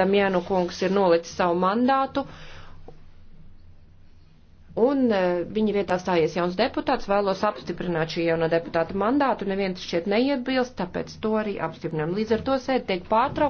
Damjānu kungs ir nolicis savu mandātu, un e, viņa vietā stājies jauns deputāts, vēlos apstiprināt šī jauna deputāta mandātu, neviens šķiet neiebilst, tāpēc to arī apstiprinām. Līdz ar to sēdi tiek pārtraukta.